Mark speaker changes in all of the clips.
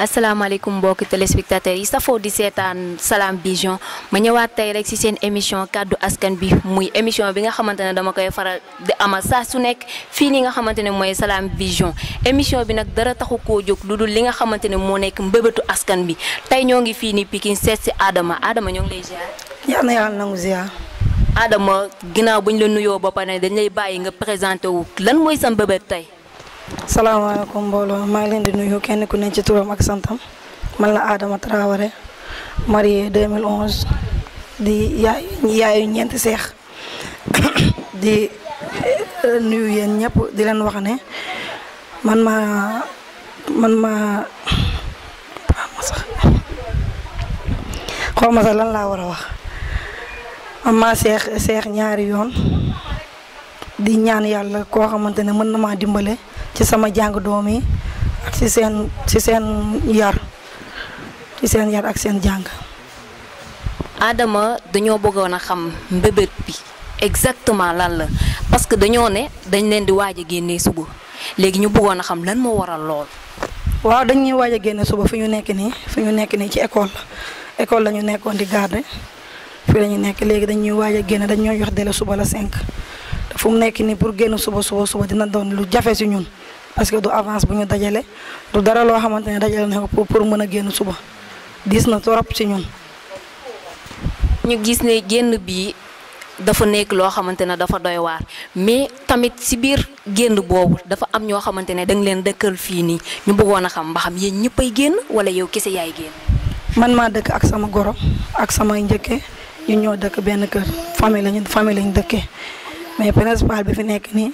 Speaker 1: asalaamaaleykum mbokki téléspectateurs yi safoo di seetaan salaam Vision ma ñëwaat tey rek ci seen émission kàddu askan bi muy émission bi nga xamante ne dama koy faral di amal saa su nekk fii nii nga xamante ne mooy salaam Vision émission bi nag dara taxu ko jóg lu dul li nga xamante ne moo nekk mbébétu askan bi tey ñoo ngi fii nii Pikine seet ci Adama Adama ñoo ngi lay ziar.
Speaker 2: yal na yàlla nangu ziar. Adama
Speaker 1: ginnaaw bu ñu la nuyoo ba pare dañ lay bàyyi nga présenté wu lan mooy sa tey.
Speaker 2: salaamaaleykum mbooloo maa ngi leen di nuyu kenn ku ne ci turam ak santam man la aadama Adama Traoré marié 2011 di yaayu yaayu ñeenti seex di euh, nuyu yéen ñëpp di leen wax ne man ma man ma xaw ma sax lan laa war a wax am maa seex seex ñaari yoon. di ñaan yàlla koo xamante ne mën na maa dimbale ci sama jàng doom yi ak ci seen ci seen yar ci seen yar ak seen jàng.
Speaker 1: aadama dañoo bëggoon a xam mbébét bi exactement lan la parce que dañoo ne dañ leen di waaj a génnee suba léegi ñu bëggoon a xam
Speaker 2: lan moo waral lool. waaw dañuy waaj a génne suba fi ñu nekk nii fi ñu nekk nii ci école la école la ñu nekkoon di garder fi la nekk léegi dañuy waaj a génne dañ ñoo jox délai suba la cinq fu mu nekk nii pour génn suba suba suba dina doon lu jafe si ñun parce que du avance bu ñu dajale du dara loo xamante ne dajale na ko pour mën a génn suba diis na trop si ñun. ñu gis ne génn bi dafa nekk loo
Speaker 1: xamante ne dafa doy waar mais tamit si biir génn boobu dafa am ñoo xamante ne da leen dëkkal fii nii ñu bëggoon a xam mba xam yéen génn wala yow kese yaay génn.
Speaker 2: man maa dëkk ak sama goro ak samay njëkke ñu ñoo dëkk benn kër famille lañu famille lañu dëkkee. mais principal bi fi nekk nii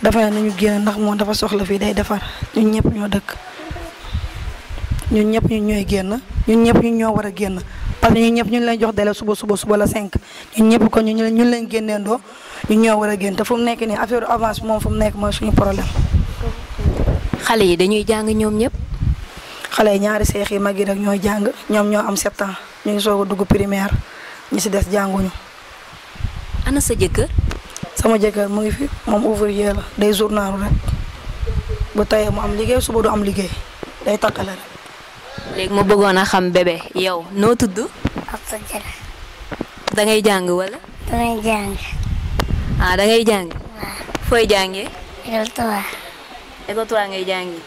Speaker 2: dafay nañu génn ndax moom dafa soxla fii day defar ñun ñëpp ñoo dëkk ñun ñëpp ñun ñooy génn ñun ñëpp ñun ñoo war a génn parce que ñun ñëpp ñun lañ jox délai suba suba suba la 5 ñun ñëpp kon ñun ñun lañ génneendoo ñun ñoo war a génn te fu nekk nii affaire avance moom fu mu nekk mooy suñu problème. xale yi dañuy jàng ñoom ñëpp. xale yi ñaari seex yi mag yi rek ñooy jàng ñoom ñoo am sept ans ñu ngi soog a dugg primaire ñu si des jànguñu. ana sa jëkkër. sama jëkkër mu ngi fi moom ouvrier la day journaalu rek bu tayee mu am liggéey suba du am liggéey day takkale rek.
Speaker 1: léegi ma bëggoon a xam bébé yow noo tudd. Abdou Jara. da jàng wala. dangay ngay jàng. ah da ngay jàng. fooy jàngee. école 3. école jàngi.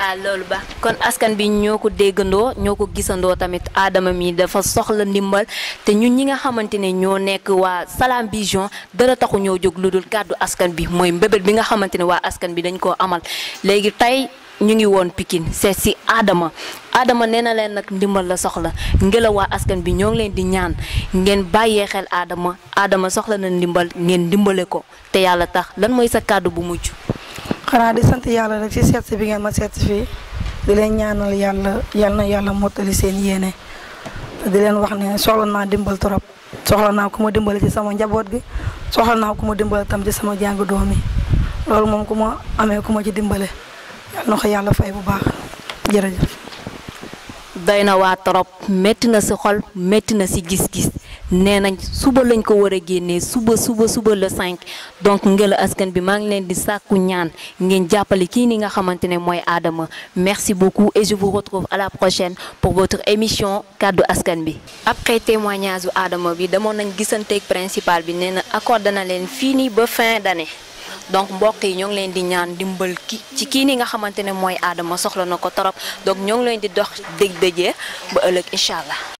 Speaker 1: ah loolu ba kon askan bi ñoo ko déggandoo ñoo ko gisandoo tamit aadama mii dafa soxla ndimbal te ñun ñi nga xamante ne ñoo nekk waa Salam Vision dara taxu ñoo jóg lu dul kàddu askan bi mooy mbébét bi nga xamante ne waa askan bi dañ koo amal léegi tey ñu ngi woon Pikine seet si Adama Adama nee na leen nag ndimbal la soxla ngelaw waa askan bi ñoo leen di ñaan ngeen bàyyee xel Adama Adama soxla na ndimbal ngeen ndimbale ko te yàlla tax lan mooy sa kàddu bu mujj.
Speaker 2: xanaa di sant yàlla rek ci seet bi ngeen ma seet si fii di leen ñaanal yàlla yal na yàlla mottali seen yéene di leen wax ne soxla naa dimbal trop soxla naa ku ma dimbali ci sama njaboot bi soxla naa ku ma dimbali tam ci sama jàng doom yi loolu moom ku ma amee ku ma ci dimbale yal yàlla fay bu baax
Speaker 1: jërëjëf. doy na waa trop metti na si xol metti na si gis-gis. nee nañ suba lañ ko war a génnee suba suba suba le 5 donc ngela askan bi maa ngi leen di sàkku ñaan ngeen jàppale kii ni nga xamante ne mooy aadama merci beaucoup et je vous retrouve à la prochaine pour votre émission kàddu askan bi. après témoignage bu aadama bi demoon nañ gisanteeg principal bi nee na accordé na leen fii nii ba fin d'année. donc mbokk yi ñoo ngi leen di ñaan dimbal ki ci kii ni nga xamante ne mooy aadama soxla na ko torop donc ñoo ngi leen di dox dëj ëllëg incha allah.